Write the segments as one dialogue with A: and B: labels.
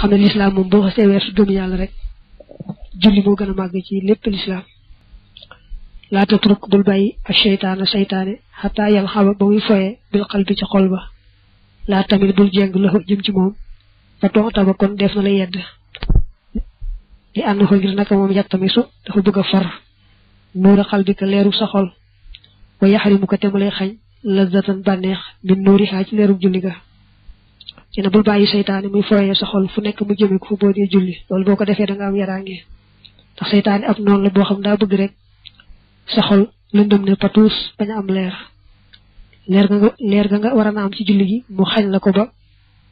A: xam ne lislaam moom boo xasee weesu gëm yàlla rek julli moo gën a màgg ci lépp lislaam laa tatruk bul bàyyi ak seytaana seytaane xataa yàlla xawa ba muy foyee bil xal bi ci xol ba laa tamit bul jeng la jëm ci moom ba tonta ba kon def na la yedd li ànd ko ngir naka moom yattamisu dafa bëgg a for nuura xal bi ka leeru sa xol wa yaxrimu ko te mu lay xañ lazatan bànneex min nuuri xaa ci leeru julli ga ci ne bul bàyyi seytaane muy foyee sa xol fu nekk mu jëme ko fu boo dee julli loolu boo ko defee da nga am yaraange ndax seytaane ab noonu la boo xam daa bëgg rek sa xol lëndëm ne patuus bañ a am leer leer ga nga leer ga nga war a na am ci julli gi mu xañ la ko ba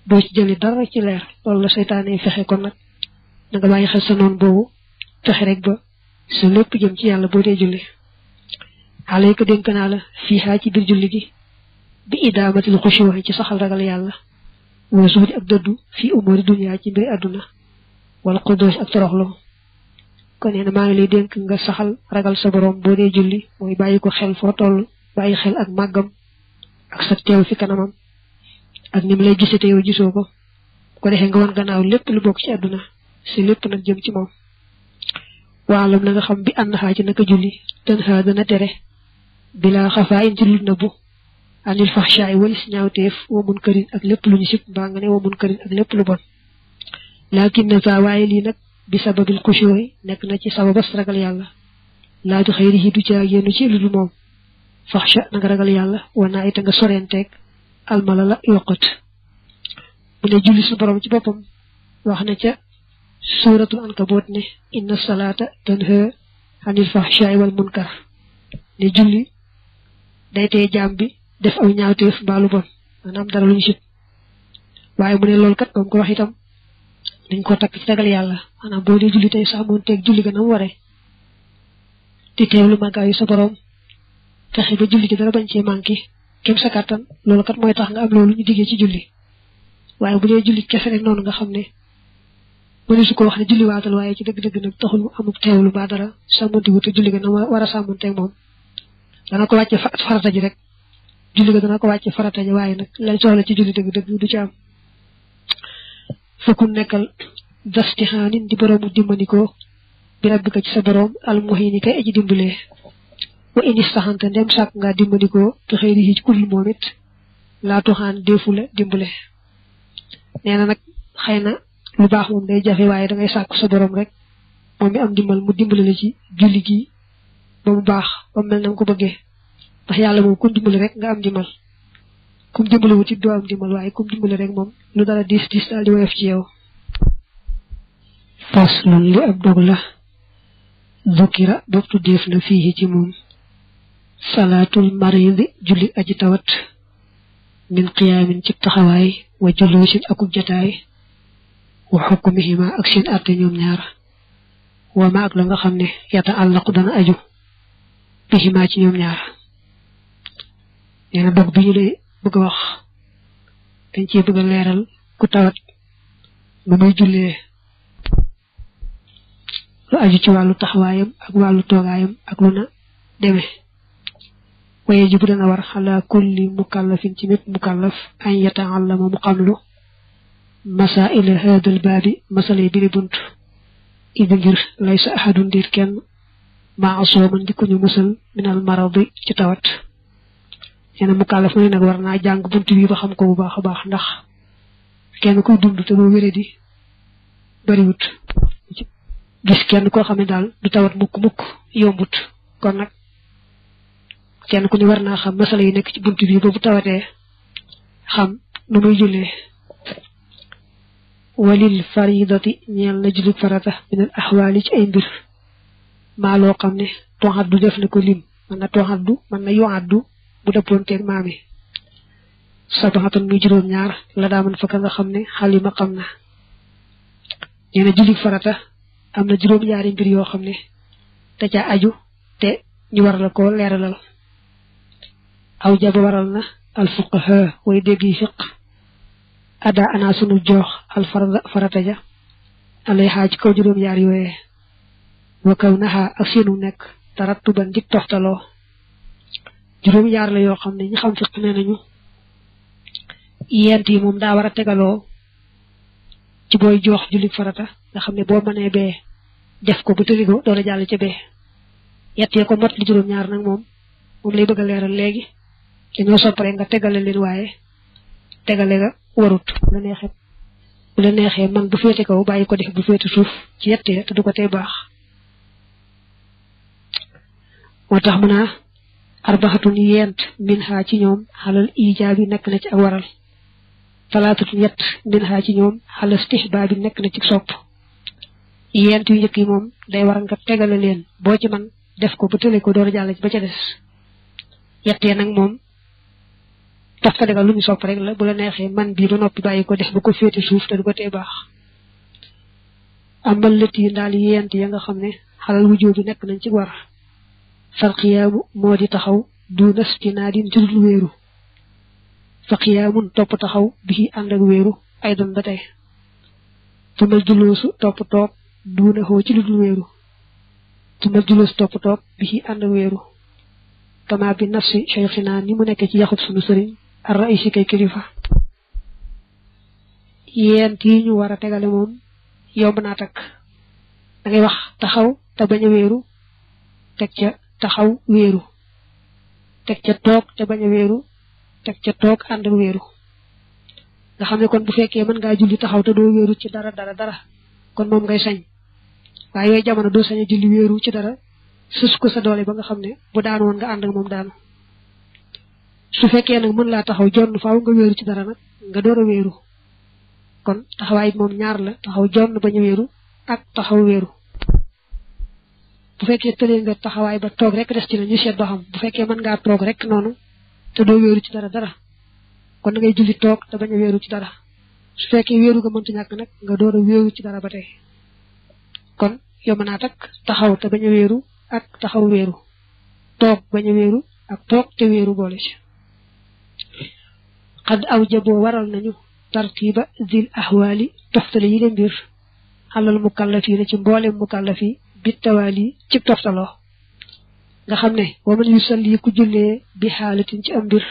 A: doo ci jëli dara ci leer loolu la seytaane fexe kon nag da nga bàyyi xel sa noonu boobu fexe rek ba sa lépp jëm ci yàlla boo dee julli xaale ko dénk naa la fiihaa ci biir julli gi bi idaamatil xushuu ci saxal ragal yàlla wa zuhdi ak dëddu fi umuri dunya ci mbiri àdduna wala xuddoos ak toroxlom kon nee na maa ngi lay dénk nga saxal ragal sa borom boo dee julli mooy bàyyi ko xel foo toll bàyyi xel ak màggam ak sa teew fi kanamam ak ni mu lay gisee te yow gisoo ko bu ko defee nga wan gannaaw lépp lu bokk ci àdduna si lépp nag jëm ci moom waalam na nga xam bi ànd xaa ci naka julli tën xaa dana tere bila xafaa in ci lu nëbbu anil faxshaay walis ñaawteef wa mun ak lépp lu ñu sib mbaa nga ne wa mun ak lépp lu bon laakin naka waaye lii nag bi sababil kushuri nekk na ci sababas ragal yàlla laa bi xëyri yi du ci lu moom faxsha na nga ragal yàlla wanaa ita nga sorenteeg almala la yokkat mu ne julli su borom ci boppam wax na ca suuratul ankaboot ne inna salaata tanha anil faxshaay wal munkar ne julli day tee jaam bi def am ñaawteef mbaa lu bon maanaam dara lu ñu sib waaye mu ne loolu kat ba mu wax itam dañ koo takk ci ragal yàlla maanaam boo dee julli tey saamoon teeg julli ga na mu waree di teewlu màggaayu sa borom fexe ba julli gi dara bañ cee manqué kem sa kàttan loolu kat mooy tax nga am loolu ñu diggee ci julli waaye bu dee julli kese rek noonu nga xam ne mënu su ko wax ne julli waatal waaye ci dëgg-dëgg nag taxul mu amuk teewlu mbaa dara saamoon te julli ga na war a saamoon teeg dana ko wàcce farata rek julli ga dana ko wàcce farata ja waaye nag lañ soxla ci julli dëgg dëgg du ci am fakun nekkal dastihaanin di boroomu dimbandikoo bi rabbika ci sa boroom almuhini kay aji dimbalee wa inis taxante ndem sàkk nga dimbandikoo te xëy di ci kudul moom it laa toxaan deefu la nag xëy na lu baax moom day jafe waaye dangay sàkk sa boroom rek moom mi am dimbal mu dimbale la ci julli gi ba mu baax ba mu mel na ko bëggee ndax yàlla moom kum dimbali rek nga am dimbal kum dimbali wu ci doo am dimbal waaye kum dimbali rek moom lu dara diis diis daal di woyof ci yow fas li ab dog la zukira bopp tuddeef na fii ci moom salaatul maridi julli aji tawat min qiyaamin ci taxawaay wa juluusin akub jataay wa xukmihima ak seen àtte ñoom ñaar wa ma ak nga xam ne yata àllaqu dana aju bihima ci ñoom ñaar nee na dog bi ñu lay bëgg wax dañ cee bëgg a leeral ku tawat nu muy jullee lu aju ci wàllu taxawaayam ak wàllu toogaayam ak lu na deme waye jibu dana war xalaa kulli mukallafin ci mépp mukallaf an yataallama mu xamlu masaila hadal baabi masala bi li bunt idi ngir laysa ahadun dir kenn maa sooman di ko ñu minal maradi ci tawat nee na mu kàllaf mu ne nag war naa jàng bunt bi xam ko bu baax a baax ndax kenn kuy dund te doo wéré di bariwut gis kenn koo xam ne daal du tawat mukk mukk yombut kon nag kenn ku ne war naa xam masala yi nekk ci bunt bi bu tawatee xam nu muy jullee walil faridati ñeel na jullit farata minal axwaali ci ay mbir maa loo xam ne toxat du def na ko lim mën na toxat du mën na du bu dëppoonteeg maam yi sabaxatan muy juróom-ñaar la daaman nga xam ne xalima xam na nee na julli farata am na juróom-ñaari mbir yoo xam ne da ca aju te ñu war la ko leeralal aw jaba waral na alfuqaha way dégg yi fiq ada ana sunu joox alfarada farata ja alay xaa ci juróom-ñaar yooyee wa kaw naxaa ak seenu nekk tarattuban di toxtaloo juróom-ñaar la yoo xam ne ñu xam fiq nee nañu yent yi moom daa war a tegaloo ci booy joox julli farata nga xam ne boo mënee bee def ko bu tëli ko doora jàll ca bee yett ya ko mot li juróom-ñaar nag moom moom lay bëgg a leeral léegi dañoo soppare nga tegale leen waaye tegale warut bu la neexee bu la neexee man bu féete kaw bàyyi ko def bu féete suuf ci yett te du ko tee baax moo tax mu naa arbaxatun yent min ha ci ñoom xalal ijaabi nekk na ci ak waral talaatatun yett min ha ci ñoom xalal bi nekk na ci sopp yent yu njëkk yi moom day war nga tegale leen boo ci man def ko ba tële ko door jàll ci ba ca des yettee nag moom toftale ga lu ñu sopp rek la bu la neexee man bii ba noppi bàyyi ko def ba ko féete suuf te du ko tee baax amal lët yi ndaal yent ya nga xam ne xalal wujjoo bi nekk nañ ci war fal xiyaamu moo di taxaw duuna stinaadin ci dul wéeru fa xiyaamun topp taxaw bi ànd ak wéeru ay doon ba tey tumal juloosu topp toog duuna xoo ci dul wéeru tumal juloosu topp toog bi ànd ak wéeru kama bi nafsi cheikhina ni mu nekk ci yaxub sunu sëriñ ar raisi kay kilifa yent yi ñu war a tegale moom yomb naa takk da wax taxaw te bañ a wéeru teg ca taxaw wéeru teg ca toog te bañ a teg ca toog ànd ak wéeru nga xam ne kon bu fekkee mën ngaa julli taxaw te doo wéeru ci dara dara dara kon moom ngay sañ waaye yooyu jamono doo sañ a julli wéeru ci dara sus ko sa doole ba nga xam ne bu daan woon nga ànd ak moom daanu su fekkee nag mën laa taxaw jonn faaw nga wéeru ci dara nag nga door a wéeru kon taxawaay moom ñaar la taxaw jonn bañ a wéeru ak taxaw wéeru bu fekkee tëlee nga taxawaay ba toog rek des ci la ñu seet ba xam bu fekkee mën ngaa toog rek noonu te doo wéeru ci dara dara kon da ngay julli toog te bañ a wéeru ci dara su fekkee wéeru nga mënta ñàkk nag nga door a wéeru ci dara ba tey kon yow naa takk taxaw te bañ a wéeru ak taxaw wéeru toog bañ a wéeru ak toog te wéeru boole ci xad aw jaboo waral nañu tartiba zil ahwaali toftale yi leen mbir xalal mukallafi na ci mu mboolem mukallafi bi tawaali ci toftaloo nga xam ne waman yu salli ku jullee bi xaalatin ci am mbir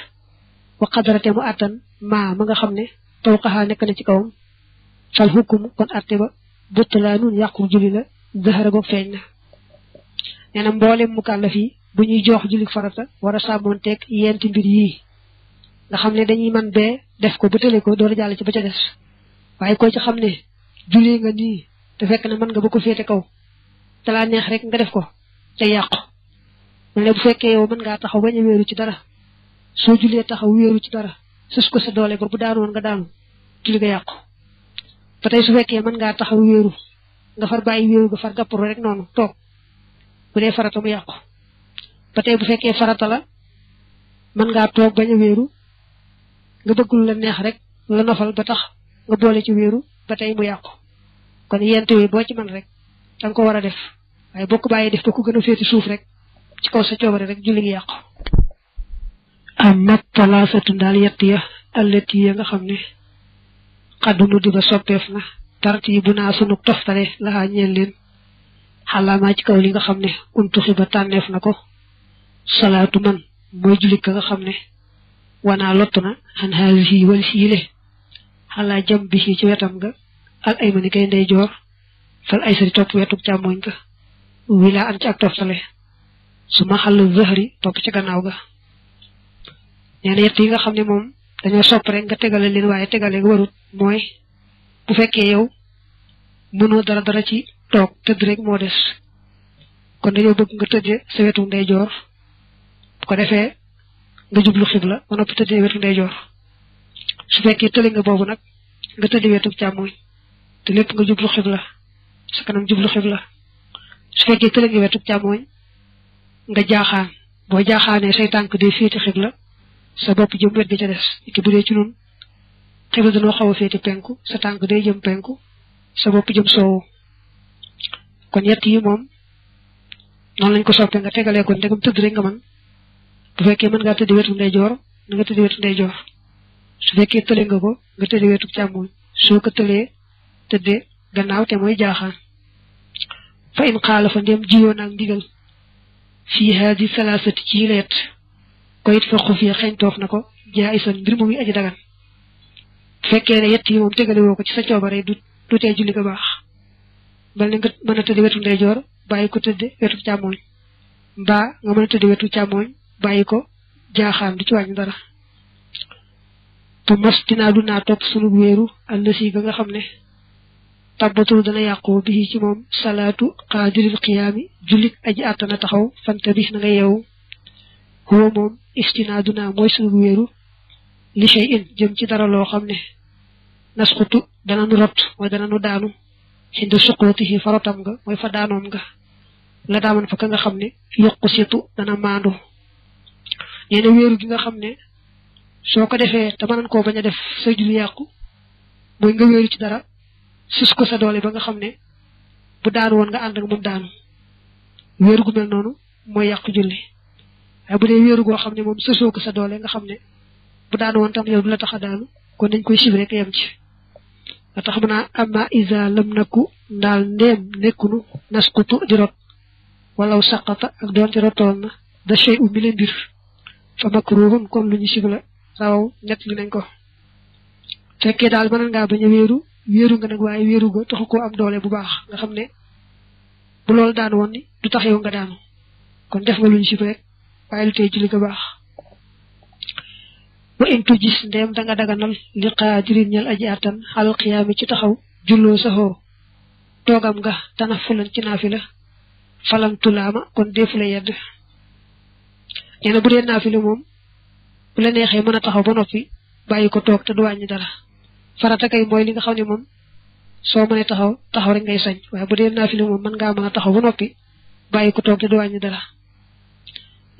A: wa qadarate mu àttan maa ma nga xam ne tawqaxaa nekk na ci kaw fal hukumu kon atte ba buttalaa nun yàqu julli la zahara goog feeñ na nee na mboolem mukallaf yi bu ñuy joox julli farata war a sàmmoonteeg yenti mbir yii nga xam ne dañuy man bee def ko ba tële ko door a jàll ci ba ca des waaye ko ci xam ne julli nga nii te fekk na mën nga ba ko féete kaw dalaa neex rek nga def ko te yàqu mu ne bu fekkee yow mën ngaa taxaw bañ a wéeru ci dara soo jullee taxaw wéeru ci dara sus ko sa doole ba bu daanu woon nga daanu julli nga yàqu ba tey su fekkee mën ngaa taxaw wéeru nga far bàyyi wéeru nga far gàppuru rek noonu toog bu dee farata mu yàqu ba tey bu fekkee farata la mën ngaa toog bañ a nga bëggul la neex rek la nofal ba tax nga boole ci wéeru ba tey mu yàqu kon yent wi boo ci man rek danga ko war a def waaye boo ko bàyyee def ko gën a féeti suuf rek ci kaw sa coobare rek julli ngi yàqu amat talaasatu daal yett ya allati ya nga xam ne xaddunu di ba soppeef na tartiibu naa sunug toftale laxaa ñeen leen xalaamaa ci kaw li nga xam ne untuxi ba tànneef na ko salaatu man mooy jullit ka nga xam ne wanaa lottu na xan xalaa jam bi ci wetam nga al aymani kay ndeyjoor fal aysari topp wetuk càmmoñ ka wila an ci ak toftale su ma xàll zahri topp ci gannaaw ga nee na yi nga xam ne moom dañoo sopp rek nga tegale leen waaye tegale nga warut mooy bu fekkee yow mënoo dara dara ci toog tëdd rek moo des kon dañoo bëgg nga tëddee sa wetu ndeyjoor bu ko defee nga jublu xibla ba noppi tëddee wetu ndeyjoor su fekkee tële nga boobu nag nga tëddee wetu càmmoñ te lépp nga jublu xibla sa kanam jublu xibla su fekkee kële nga wetu càmmooñ nga jaaxaan boo jaaxaanee say tànk day féete xibla sa bopp jëm wet ga ca des ki bu dee ci nun xibla dañoo xaw a féete penku sa tànk day jëm penku sa bopp jëm soowu kon yett yi moom noonu lañ ko soppee nga tegalee ko ndegam tëdd rek nga mën bu fekkee mën ngaa tëdd wetu ndeyjoor na nga tëdd wetu ndeyjoor su fekkee tële nga ko nga tëdd wetu càmmooñ soo ko tëlee tëddee gannaaw te mooy jaaxaan fa in xaalafa ndem jiyoon ak ndigal fii haadi salaasati ci leet ko it fa xufi xeñtoof na ko jaa isan mbir moom yi aji dagan fekkee ne yett yi moom tegale woo ko ci sa coobare du du tee julli ko baax bal ne nga mën a wetu ndeyjoor bàyyi ko tëdd wetu càmmooñ mbaa nga mën a wetu càmmooñ bàyyi ko jaaxaan du ci wàññi dara te mas du naa topp sunu wéeru àll nga xam ne tabbatu dana yàqu bii ci moom salaatu qaadiril qiyaami jullit aji àttana taxaw fanta bis na nga yeewu huwa moom istinaaduna mooy suñu wéeru li shay in jëm ci dara loo xam ne nasqutu dana nu rot mooy dana nu daanu xinda suqooti fa rotam nga mooy fa daanoom nga la daaman fa ka nga xam ne yokku situ dana maandu nee na gi nga xam ne soo ko defee te mënan koo bañ a def sa julli yàqu mooy nga wéeru ci dara sus ko sa doole ba nga xam ne bu daanu woon nga ànd ak moom daanu wéeru gu mel noonu mooy yàqu julli waaye bu dee wéeru xam ne moom susoo ko sa doole nga xam ne bu daanu woon tam yow du la tax a daanu kon dañ koy sib rek yem ci nga tax mu naa amma isa lam nakku ndaal ndeem nekkunu naskutu di rot walaw saqata ak doonte rotoon na da chey u mi le mbir fa makruhun kon lu ñu sib la rawaw nett li nañ ko fekkee daal mën ngaa bañ a wéeru wéeru nga nag waaye wéeru nga taxu koo am doole bu baax nga xam ne bu loolu daan woon ni du tax nga daanu kon def nga luñ si rek waaye lu tey julli nga baax wa intu gis ndéem da nga daganal li qaadirin ñal aji attan xalal xiyaami ci taxaw julloo saxoo toogam nga tana fulan ci la falam tulaama kon deefu la yedd nee na bu dee naafila moom bu la neexee mën a taxaw ba noppi bàyyi ko toog te du wàññi dara farata kay mooy li nga xaw ne moom soo mën taxaw taxaw rek ngay sañ waaye bu dee naafile moom mën ngaa mën a taxaw ba noppi bàyyi ko toog te du wàññi dara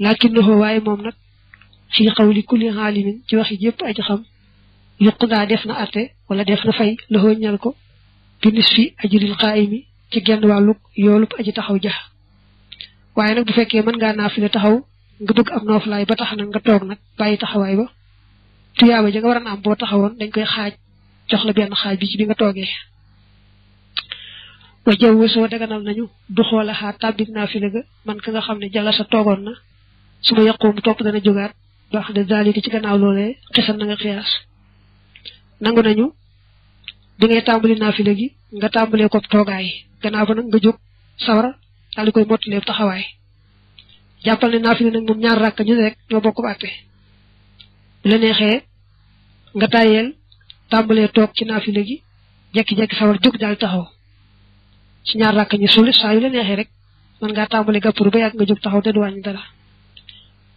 A: laakin noxoo waaye moom nag fii xawli kulli xaalimin ci waxi yëpp aji xam yuq daa def na atte wala def na fay loxoo ñal ko bi nis fi ajuril qaayimi ci genn wàllug yoolub aji taxaw jax waaye nag bu fekkee mën ngaa naafile taxaw nga bëgg am laay ba tax nag nga toog nag bàyyi taxawaay ba tuyaaba ja nga war a am boo taxawoon dañ koy xaaj jox la benn xaaj bi ci bi nga toogee wa jaww soo daganal nañu du xoola xaa tàbbit naa fi la ga man ka nga xam ne jala sa toogoon na su ma yàquwum topp dana jógaat baax de zalika ci gannaaw loolee xisan na nga xiyaas nañu bi ngay naa fi léegi nga tàmbalee ko toogaay gannaaw ba nag nga jóg sawara daal di koy mottalee taxawaay jàppal ne naafile nag moom ñaar rakk ñu ne rek ñoo bokk ba àtte nga tàyyeel tàmbalee toog ci naafile gi jekki-jekki sawar jóg daal taxaw ci ñaar rakk ñu suli saa la neexee rek mën ngaa tàmbalee gàppuru ba yàgg nga jóg taxaw te du wàññi dara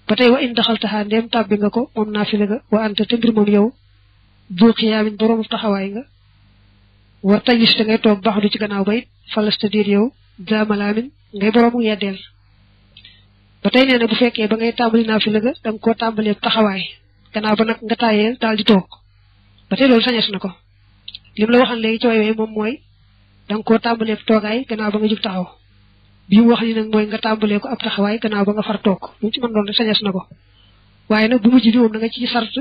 A: ba tey wa in daxal taxaa ndéem tàbbi nga ko moom naafile ga wa anta te mbir moom yow dul xiyaamin boroomu taxawaay nga war tajlis te ngay toog baax du ci gannaaw ba it falasta diir yow daamalaamin ngay boroomu yeddeel ba tey nee bu fekkee ba ngay tàmbali naafile ga da nga koo tàmbalee taxawaay gannaaw ba nag nga tàyyeel daal di toog ba tey loolu sañes na ko lim la waxal léegi ci way yooyu moom mooy da nga koo tàmbalee toogaay gannaaw ba nga jub taxaw bi wax li nag mooy nga tàmbalee ko ab taxawaay gannaaw ba nga far toog lu ci mën doon rek sañes na ko waaye nag bu mujj bi moom da nga ci sart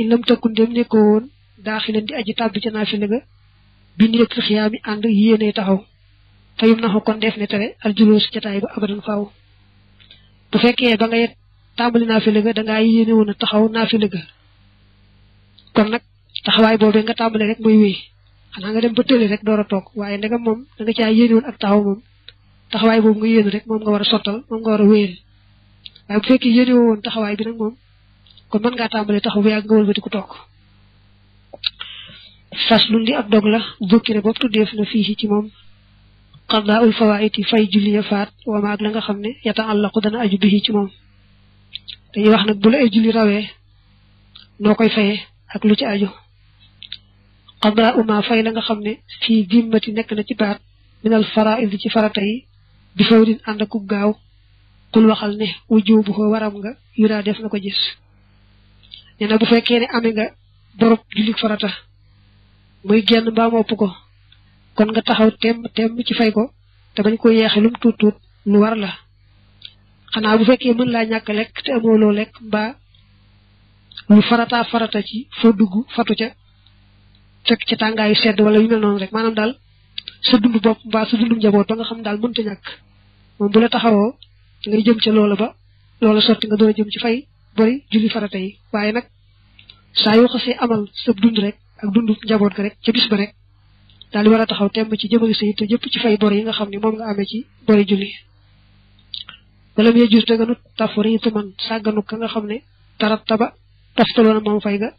A: ilam tëkkun dem nekko woon daaxilan di aji tàbbi ca naafila ga bi ni yëg xiyaa mi ànd yéene taxaw fayum na ko kon def ne tere aljulóos jataay ba abadan faaw bu fekkee ba ngay tàmbali naafila ga da ngaa taxaw naafila ga kon taxawaay boobee nga tàmbale rek mooy wéy xanaa nga dem ba tële rek door a toog waaye ndegam moom da nga caa yéene ak taxaw moom taxawaay boobu nga yéene rek moom nga war a sottal moom nga war a waaye bu fekkee yéene woon taxawaay bi nag moom kon mën ngaa tàmbale taxaw bu yàgg nga wëlbati ku toog fas lu di ab dog la bukki ne bopp tuddeef na fii ci moom xadaaul fawaiti fay julli ya faat wama ak la nga xam ne yata àllaqu dana aju bihi ci moom wax nag bu la ay rawee noo koy fayee ak lu ci aju xadaa uma fay la nga xam ne fii dimmati nekk na ci baat minal faraid ci farata yi bi fawrin ànd akub gaaw kul waxal ne wujubu ko waram nga yuraa def na ko gis nee bu fekkee ne amee nga borob jullik farata muy genn mbaa mopp ko kon nga taxaw temb temb ci fay ko te bañ ko yeexe lum tuut tuut lu war la xanaa bu fekkee mën laa ñàkk lekk te amooloo lekk mbaa lu farata farata ci foo dugg fatu ca fekk ci tàngaayu sedd wala yu mel noonu rek maanaam daal sa dund bopp mbaa sa dundu njaboot ba nga xam daal mënta ñàkk moom bu a taxawoo ngay jëm ca loolo ba loolo sotti nga door a jëm ci fay bori julli farata yi waaye nag saa yoo xasee amal sa dund rek ak dund njaboot ga rek ca bis ba rek daal di war a taxaw temm ci jëmale sa yitte yëpp ci fay bor yi nga xam ne moom nga amee ci bori julli wala mu yejus dëgganut tafriitu man sàgganut ka nga xam ne tarab taba taftaloona moom fay ga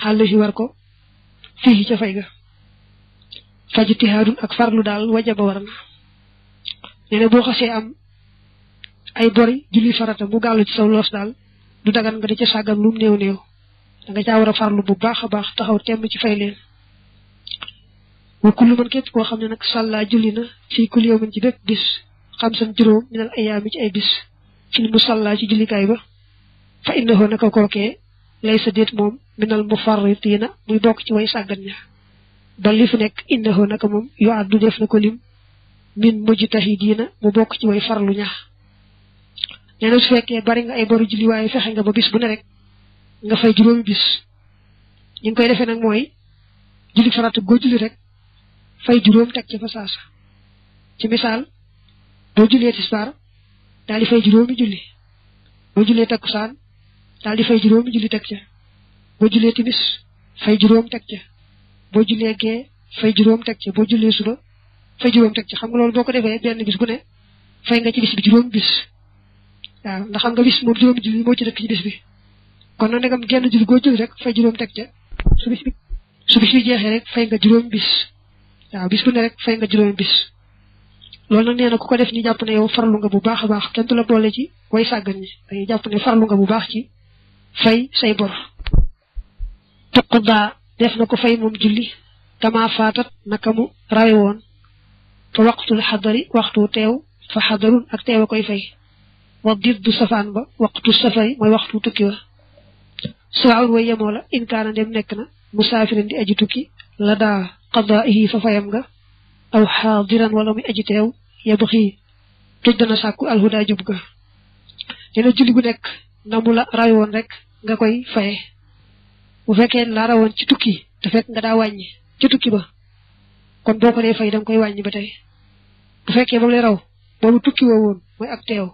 A: xàll si war ko fii ca fay ga fajtihaadun ak farlu daal wajaba war na nee boo xasee am ay bori julli farata mu gàllu ci saw daal du dagan nga di ca sàggan lu mu néew néew da nga war a farlu bu baax a baax taxaw temm ci fay leen wa kullu man képp koo xam ne nag sàllaa julli na fii kulli yawmin ci bépp bis xam san juróom minal ayaami ci ay bis fi mu ci jullikaay ba fa innahu naka kookee lay sa déet moom minal mufarritiina muy bokk ci way sàggan ña ba li fi nekk innahu naka moom yu du def na ko lim min mujtahidiina mu bokk ci way farlu ña nee na su fekkee bari nga ay boru julli waaye fexe nga ba bis bu ne rek nga fay juróomi bis ñu ngi koy defe nag mooy julli farata goo julli rek fay juróom teg ci fa saasa ci misaal boo jullee tisbaar daal di fay juróomi julli boo jullee saan daal di fay juróomi julli teg ca boo jullee timis fay juróom teg ca boo jullee gee fay juróom tek ca boo jullee suba fay juróom teg xam nga loolu boo ko defee benn bis bu ne fay nga ci bis bi waaw ndax xam nga bis moom juróomi julli moo ci dëkk ci bis bi kon nag ndegam genn julli goo julli rek fay juróom teg ca su bis bi su bis jeexee rek fay nga juróom bis waaw bis bu ne rek fay nga juróom bis loolu nag nee na ku ko def ñu jàpp ne yow farlu nga bu baax a baax kenn du la boole ci way sàggan ñi jàpp ne farlu nga bu baax ci fay say bor tuqudaa def na ko fay moom julli kama faatat naka mu rawe fa waqtul xadari waxtu teew fa xadarun ak teew a koy fay wa diddu safaan ba waqtu safari mooy waxtu tukki wa sawaawun way yemoo la in kaana ndem nekk na musaafirin di aji tukki la daa fa fayam nga aw xaadiran wala muy aji teew yabxi tuj dana sàkku alhuda jub ga nee na julli nekk na mu la ray woon rek nga koy faye bu fekkee laara woon ci tukki te fekk nga daa wàññi ci tukki ba kon boo ko dee fay da koy wàññi ba tey bu fekkee ba mu lay raw boobu tukki mooy ak teew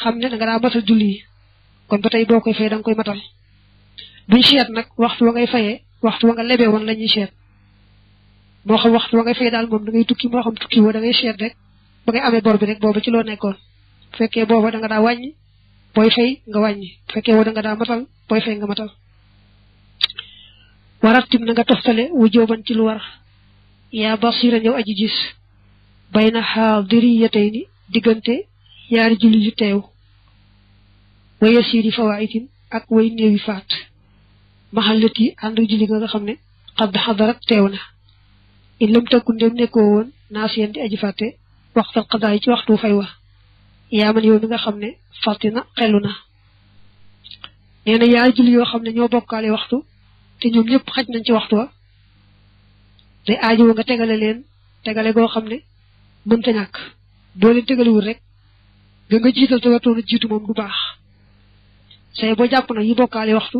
A: xam ne da nga daa matal julli kon ba tey boo koy fay da nga koy matal buñ seet nag waxtu wa ngay fayee waxtu wa nga lebee la ñuy seet moo xam waxtu wa ngay fay daal moom da ngay tukki moo xam da ngay seet rek ba ngay amee bor bi rek booba ci loo nekkoon bu fekkee booba da nga daa wàññi booy fay nga wàññi bu fekkee nga daa matal booy fay nga matal waratib na nga toftale wu jooban ci lu war yaa basira ñëw aji gis bay na xaadiri ya tey ni diggante yaari julli yu teew waya siiri fawaitin ak way néewi faat maxallat yi ànd julli nga nga xam ne xadd xadarat teew na in lam tëkku ndem nekkoo woon naas yeen di aji fàtte waxtal ci waxtu fay wax yaa man yow nga xam ne fàttina xelu na nee na yaay julli yoo xam ne ñoo bokkaale waxtu te ñoom ñëpp xaj nañ ci waxtu wa day aajowo nga tegale leen tegale goo xam ne mënta ñàkk boo leen tegalewul rek ga nga jiital te wartoona jiitu moom du baax say boo jàpp na yi bokkaale waxtu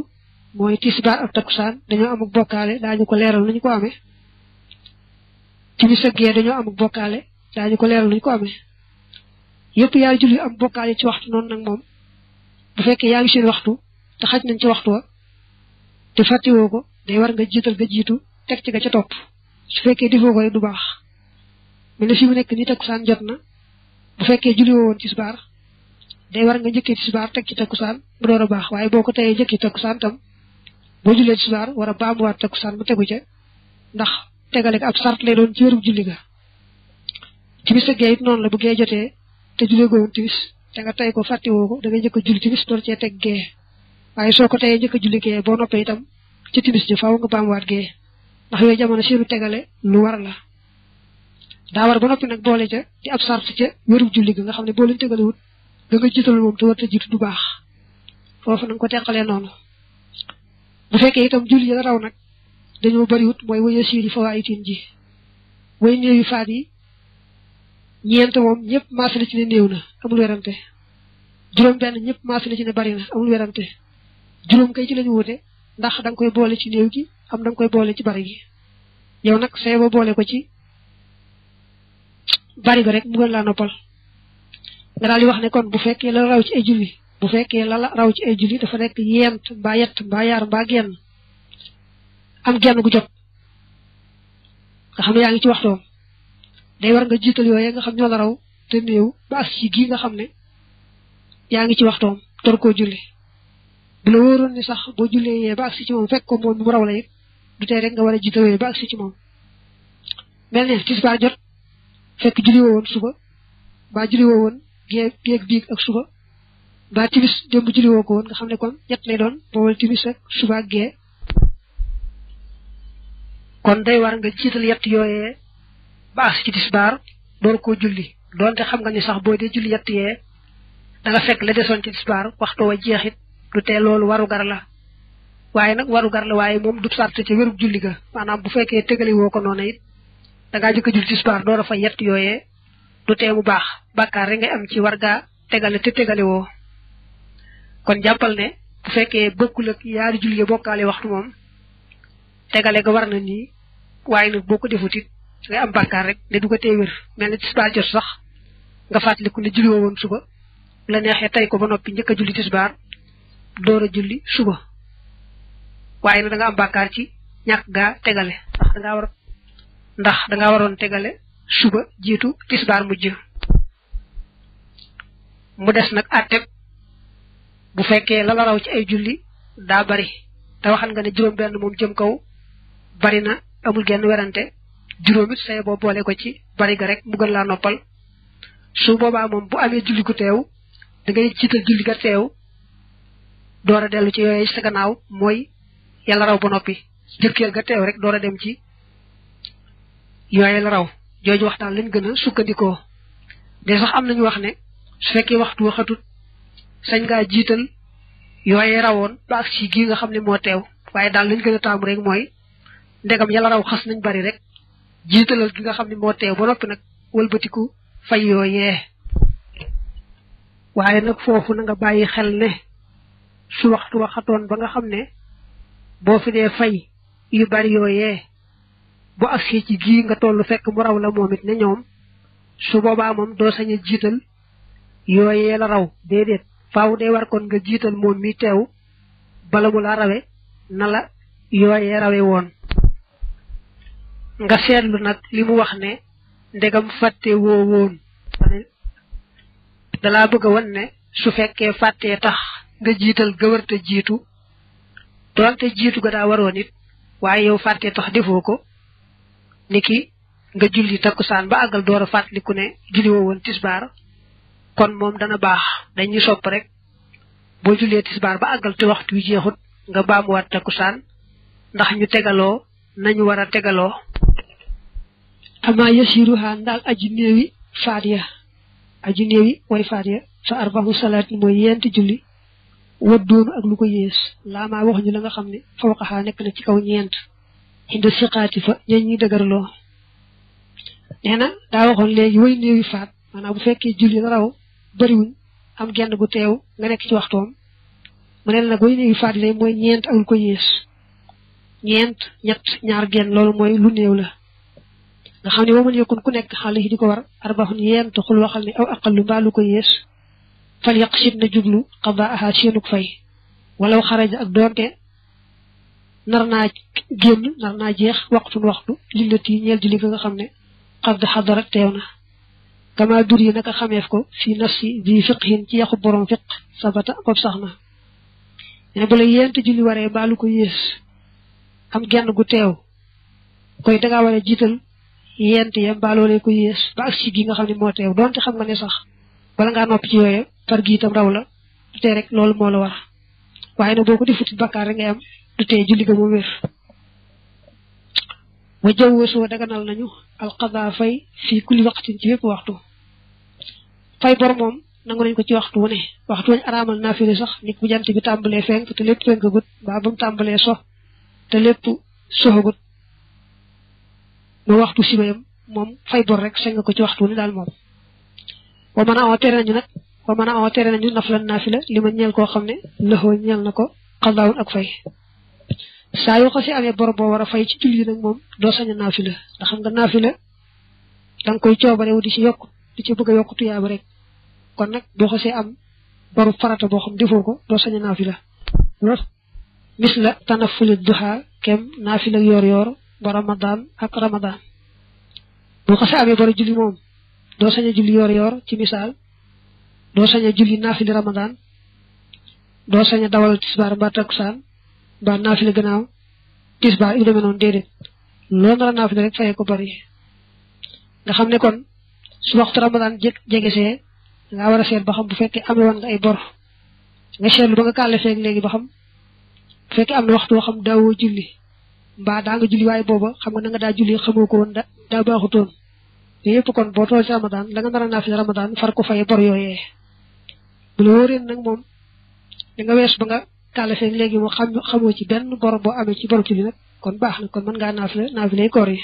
A: mooy tisbaar ak takkusaan dañoo amuk bokkaale daañu ko leeral nañu ko amee timis ak gee dañoo amuk bokkaale daañu ko leeral nañu ko amee yëpp yaay julli am bokkaale ci waxtu noonu nag moom bu fekkee yaa ngi seen waxtu te xaj nañ ci waxtu wa te fàttewoo ko day war nga jiital nga jiitu teg ci nga ca topp su fekkee defoo ko rek du baax mu ne fi mu nekk ni takkusaan jot na bu fekkee julli woo woon tisbaar day war nga njëkkee tisbaar teg ci takkusaan mu door a baax waaye boo ko teyee njëkki takkusaan tam boo jullee tisbaar war a baamuwaat takkusaan mu tegu ca ndax tegale ko ab sart lay doon ci wérub julli ga timis ak gee it noonu la bu gee jotee te julee goo timis te nga tey ko fàttewoo ko da ngay njëkk a julli timis door cee teg gee waaye soo ko teyee jëkk a julli gee boo noppee itam ci timis ji faaw nga baamuwaat gee ndax yooyu jamono seenu tegale lu war la daa war ba noppi nag boole ca di ab sart ca wérub julli ga nga xam ne boo leen tegalewut da nga jiital moom te war ta jiitu du baax foofu na ko teqalee noonu bu fekkee itam julli ya raw nag dañoo bariwut mooy wëya siiri fawaayitin ji way yi ñeent moom ñëpp maase na ci ne néew na amul werante juróom benn ñëpp maase na ci ne bari na amul werante juróom kay ci lañu wute ndax da koy boole ci néew gi am danga koy boole ci bari gi yow nag say ba ko ci bari ga rek mu la laa noppal nga daal di wax ne kon bu fekkee la raw ci ay julli bu fekkee la raw ci ay julli dafa nekk yent mbaa yett mbaa yaar mbaa genn am genn gu jot nga xam yaa ngi ci waxtoom day war nga jiital yooyee nga xam ñoo la raw te néew ba as ci gii nga xam ne yaa ngi ci waxtoom tor koo julli bu la wóoroon sax boo jullee yee ba agsi ci moom fekk ko moom mu raw la war a jiital yooyu ba agsi ci moom jot fekk julli woo woon suba mbaa julli woo woon gée géeg biig ak suba mbaa timis démb julli woo ko woon nga xam ne kon ñett lay doon boobal timis ak suba ak gée kon day war nga jiital yett yooyee baax agsi ci tisbaar door koo julli doonte xam nga ni sax boo dee julli yett yee danga fekk la desoon ci tisbaar waxtu wa jeexit du tee loolu waru gar la waaye nag waru gar la waaye moom du sart ci wérub julli ga maanaam bu fekkee tëgali woo ko noonu it dangaa jëkk a julli tisbaar door a fa yett tee mu baax bàkkaar rek ngay am ci war gaa tegale te tegale kon jàppal ne bu fekkee bokkul ak yaari julli ya bokkaale waxtu moom tegale ga war na nii waaye nag boo ko defutit ngay am bàkkaar rek de du ko tee wér mel na tisbaar jot sax nga fàttaliku ne julli woo woon suba la neexee tey ko ba noppi njëkka julli tisbaar door a julli suba waaye nag da am bàkkaar ci ñàkk gaa tegale ndax da ngaa waroon tegale suba jiitu tisbaar mujj mu des nag àtteb bu fekkee la ci ay julli daa bari te waxal nga ne juróom benn moom jëm kaw bari na amul genn werante juróom it saye boo boole ko ci bari ga rek mu gën laa noppal su boobaa moom bu amee julli gu teew da ngay jiital julli ga teew door dellu ci yooyee sa gannaaw mooy yàlla raw ba noppi jëkkeel ga teew rek doora dem ci yooyee la raw jooju wax daal lañ gën a sukkandikoo de sax am nañu wax ne su fekkee waxtu waxatut sañ ngaa jiital yooyee rawoon ba ak si gii nga xam ne moo teew waaye daal lañ gën a taamu rek mooy ndegam yàlla raw xas nañ bari rek jiitalal gi nga xam ne moo teew ba noppi nag wëlbatiku fay yooyee waaye nag foofu na nga bàyyi xel ne su waxtu waxatoon ba nga xam ne boo fi dee fay yu bari yooyee bu agsi ci gii nga toll fekk mu raw la moom it ne ñoom su boobaa moom doo sañ a jiital yooyee la raw déedéet faaw dee war kon nga jiital moom mi teew bala mu la rawe na la yooyee rawe woon nga seetlu nag li mu wax ne ndegam fàtte woo woon dalaa bëgg a wan ne su fekkee fàttee tax nga jiital gëwërte jiitu doonte jiitu ga daa waroon it waaye yow fàttee tax defoo ko niki nga julli takkusaan ba àggal door a fàttaliku ne julli woo woon tisbaar kon moom dana baax dañuy sopp rek boo jullee tisbaar ba àggal te waxtu wi jeexut nga baamuwaat takkusaan ndax ñu tegaloo nañu war a tegaloo ama yasiruha ndaal aji néewi faatiya aji néewi way faatiya fa arbahu salaatin mooy yenti julli waddoonu ak lu ko yées laamaa waxuñu la nga xam ne fawqaxaa nekk na ci kaw ñeent inda siqaati fa ñeen ñi dëgërloo nee na daa waxoon léegi way néewi faat maanaam bu fekkee julli raw bëriwuñ am genn gu teew nga nekk ci waxtoom mu ne la nag way néewi faat yi mooy ñeent ak lu ko yées ñeent ñett ñaar genn loolu mooy lu néew la nga xam ne waman yakun ku nekk xaala yi di ko war arbahun yent xul waxal ne aw aqallu lu lu ko yées fal yaqsid na jublu qadaaha seenuk fay walaw xaraja ak doonte nar naa génn nar naa jeex waxtun waxtu lillati ñeel julli nga xam ne qad xadara teew na kama dur yi naka xameef ko fi nafsi bi fiqhin ci yaxu borom fiq sabata bob sax na ne bu la yent julli waree mbaa lu ko yées am genn gu teew koy dangaa war a yent ya mbaaloole ko yées ba ak gi nga xam ne moo teew doonte xam nga ne sax bala ngaa noppi ci yooye far gi itam raw la du tee rek loolu moo la war waaye nag boo ko defuti bakkaar rek ngay am du tee julli ga moom wér wa jawwasoo daganal nañu alqada fay fii kulli waqtin ci bépp waxtu fay bor moom nangu nañ ko ci waxtu wu ne waxtu wañ araamal naafile sax nit bu jant bi tàmbalee fenk te lépp fenk gut mbaa ba mu tàmbalee so te lépp soxagut ba waxtu sibayam moom fay bor rek sañ ko ci waxtu ni daal moom wa mën a oo nañu nag wa a oo tere nañu naf la naafila li ma ñeel koo xam ne lëxoo ñeel na ko xadaawun ak fay saa yoo xasee bor boo war a fay ci julli nag moom doo sañ a naafila ndax xam nga naafila da nga koy coobarewu di ci yokk di ci bëgg a yokk tuyaaba rek kon nag boo xasee am boru farata boo xam defoo ko doo sañ a naafila ta la tanafuli duha kem naafila yoor yoor ba ramadan ak ramadan boo xasee amee bari julli moom doo sañ a julli yoor yoor ci misaal doo sañ a julli naafili ramadan doo sañ a dawal tisbaar mbaa takkusaan mbaa naafili gannaaw tisbaar yu demee noonu déedéet loolu nar a naafili rek fayee ko bari nga xam ne kon su waxtu ramadan jég jegesee nga war a seet ba xam bu fekkee amee woon nga ay bor nga seetlu ba nga kàlle feeg léegi ba xam bu fekkee am na waxtu boo xam julli mbaa daanga nga waaye booba xam nga na daal daa julli xamoo ko woon da daa baaxutoon yooyu yëpp kon boo tool ci ramadan la nga nar a naafil ramadan far ko fay bor yooyee bu la wóoree nag moom da nga wees ba nga tàllaseen léegi moo xam xamoo ci benn bor boo amee ci borom ci nag kon baax na kon mën ngaa naafile naafilay koor yi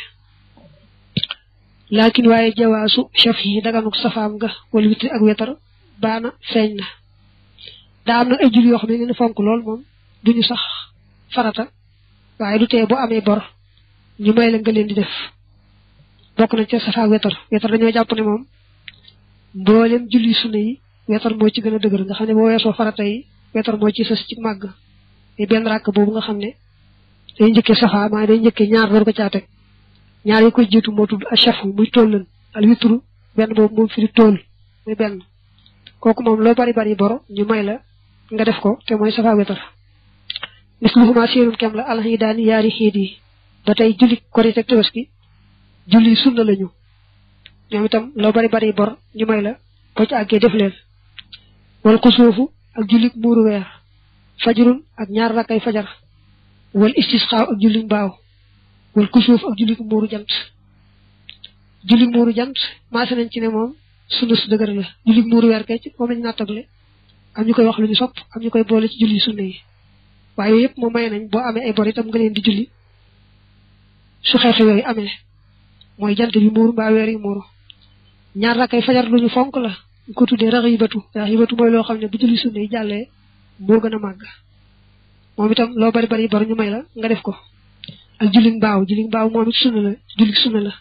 A: laakin waaye jawaasu chef yi daganuk safaam nga wala witri ak wetar baana feeñ na daa am na ay jul yo xam ne fonk lool moom duñu sax waaye du tee boo amee bor ñu may la nga leen di def bokk na ca safa wetar wetar dañoo jàpp ne moom mboolem julli sunna yi wetar moo ci gën a dëgër nga xam ne boo weesoo farata yi wetar moo ci sës ci màgg te benn ràkk boobu nga xam ne day njëkkee safa maa day njëkkee ñaar door ko caa teg ñaar yi koy jiitu moo tudd achafu muy tollan al witru benn boobu moom firi tool muy benn kooku moom loo bari bari boro ñu may la nga def ko te mooy safa wetar misluhuma seenum kem la alxiidaani yaari xiid yi ba tey julli korite ak tabaski julli sunna lañu ñoom itam loo bari bari bor ñu may la boo ci àggee def leen wal kusuufu ak julli muuru weer fajrun ak ñaar rakkay fajar wal istisqa ak julli mbaaw wal kusuuf ak julli muuru jant julli muuru jant maase nañ ci ne moom sunna su dëgër la julli muuru weer kay ci moom lañ nattable am ñu koy wax lu ñu sopp am ñu koy boole ci julli sunna yi waaye yooyu yëpp moom may nañ boo amee ay bor itam nga leen di julli su xeexe yooyu amee mooy jant bi muur mbaa weer yi muuru ñaar rakkay fajar lu ñu fonk la ñu ko tuddee raxibatu raxibatu mooy loo xam ne bu julli sunna yi jàllee moo gën a màgg moom itam loo bari bari bor ñu may la nga def ko ak julli mbaaw julli mbaaw moom it sunna la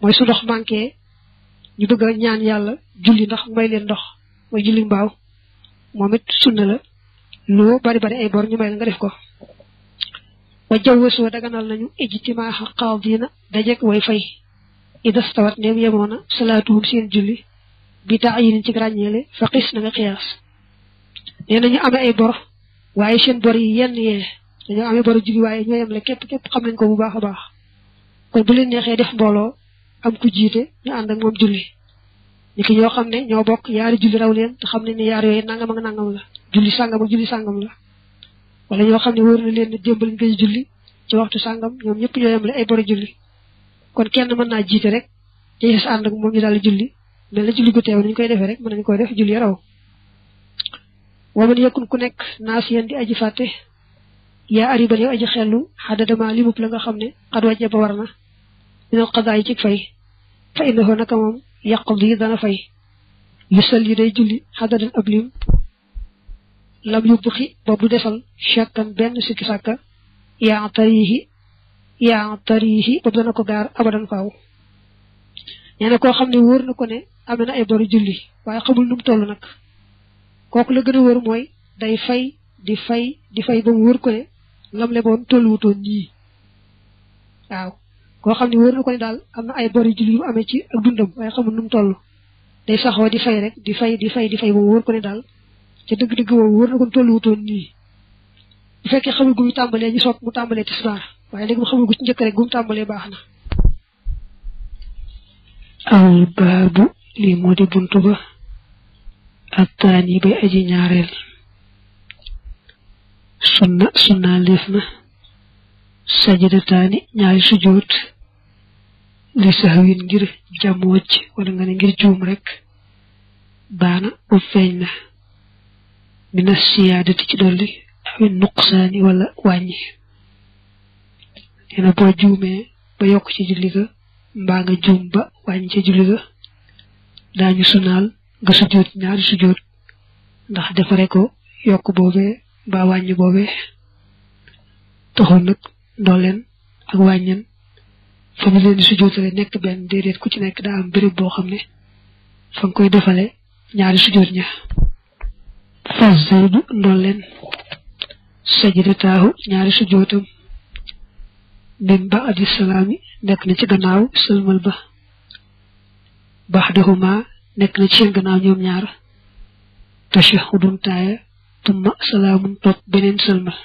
A: mooy su ndox manqué ñu bëgg a ñaan yàlla julli ndax may leen ndox mooy julli mbaaw moom it sunna la lu bari bari ay bor ñu may la nga def ko wa jawwasoo daganal nañu ijtimaaxa qaadina dajeg way fay idastawat neem yemoona salaatuhum seen julli bi taayin ci ràññeele fa xis na nga xiyaas nee nañu amee ay bor waaye seen bor yi yenn yee dañoo amee bor jugi waaye ñoo yemle képp képp xam nañ ko bu baax a baax kon bu leen neexee def mbooloo am ku jiite ñu ànd ak moom julli ñi ñoo xam ne ñoo bokk yaari julli raw leen te xam nañ ne yaar yooyu nangam la julli sàngam ak julli sàngam la wala ñoo xam ne wóor na leen ne démb julli ci waxtu sàngam ñoom ñëpp ñoo yemale ay boro julli kon kenn mën naa jiite rek ñi des ànd ak moom ñu daal julli mel na julli gu koy defee rek mën nañu koy def julli raw waman ku nekk naasiyan di aji fàtte yaa ariban yow aji xellu xadadama li mub la nga xam ne xad wàjje ba war na dina xadaa yi fay fa innahu naka moom yàqul di dana fay yu day julli xadadan ab lim lam yubbuxi boobu desal shakkan benn sikki sàkka yaa tariixi yaa tariixi boobu dana ko gaar abadan faaw nee na koo xam ne wóor na ko ne am na ay boru julli waaye xamul nu mu nag kooku la gën a mooy day fay di fay di fay ba mu wóor ko ne lam leboon tolluwutoon nii waaw koo xam ne wóor na ko ne daal am na ay boru julli yu mu amee ci ak dundam waaye xamul nu mu toll day saxoo di fay rek di fay di fay di fay ba mu wóor ko ne daal ca dëgg-dëgg woowu wër na kon tolluwutoon nii bu fekkee xamul gu tàmbalee ñu soog mu tàmbalee tisbaar waaye léegi mu xamul gu ci njëkk rek gu mu tàmbalee baax na al baabu lii moo di bunt ba ak taan yi bay aji ñaareel sunna sunna leef na sajadataani ñaari sujjóot li saxawin ngir jàmm wacc wala nga ne ngir juum rek baana bu feeñ na mina siyaadati ci dolli awi nuqsaani wala wàññi nee boo juumee ba yokk ci julli ga mbaa nga juum ba wàññi ca julli ga daañu sunaal nga sujjóot ñaari sujjóot ndax defare ko yokk boobee mbaa wàññi boobee taxoon nag ndooleen ak wàññeen fa mu leen di sujjóotale nekk benn déedéet ku ci nekk daa am béréb boo xam ne fa nga koy defale ñaari sujjóot ña fazzidu ndolleen sajidataahu ñaari sujootam min baadi salaami nekk na ci gannaaw sëlmal ba baxdahuma nekk na ci seen gannaaw ñoom ñaar tashahudun taaya tumma salaamun topp beneen sëlmal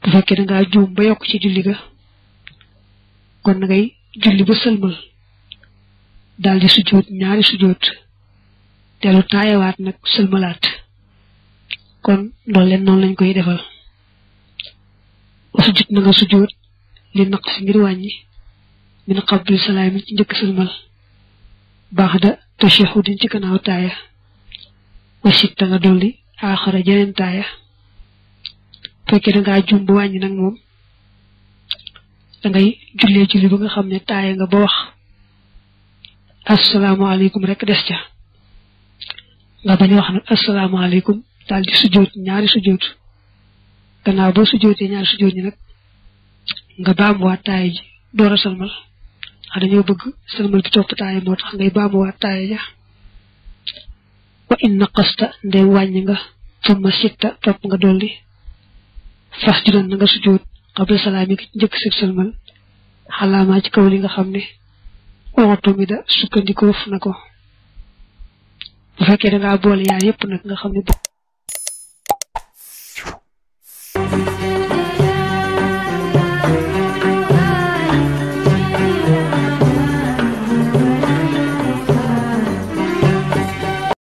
A: bu fekkee da juum ba yokk ci julli ga kon na ngay julli ba sëlmal daal di sujoot ñaari sujoot dellu taayawaat nag sëlmalaat kon loolu leen noonu lañ koy defal sujjut na nga sujjoot li naq si ngir wàññi min qabli salaam ci njëkk sëlmal baax da tashahudin ci gannaaw taaya wasit ta nga dolli aaxara jeneen taaya fekkee da ngaa wàññi nag moom da ngay jullee julli ba nga xam ne taaya nga ba wax asalaamaaleykum rek des ca nga bañ wax nag asalaamaaleykum daal di sujjoot ñaari sujjoot gannaaw boo sujjootee ñaari sujjoot ñi nag nga baamuwaat taay ji door dañoo bëgg salmal bi topp taay moo tax ngay baamuwaat taay ja wa in naqasta ndee wàññi nga summa sitta topp nga dolli fas judan na nga sujjoot qabla salaam yi nga njëkk si salmal maa ci kaw li nga xam ne waxtu mi da sukkandikoof na ko bu fekkee da ngaa boole yaar yëpp nag nga xam ne bu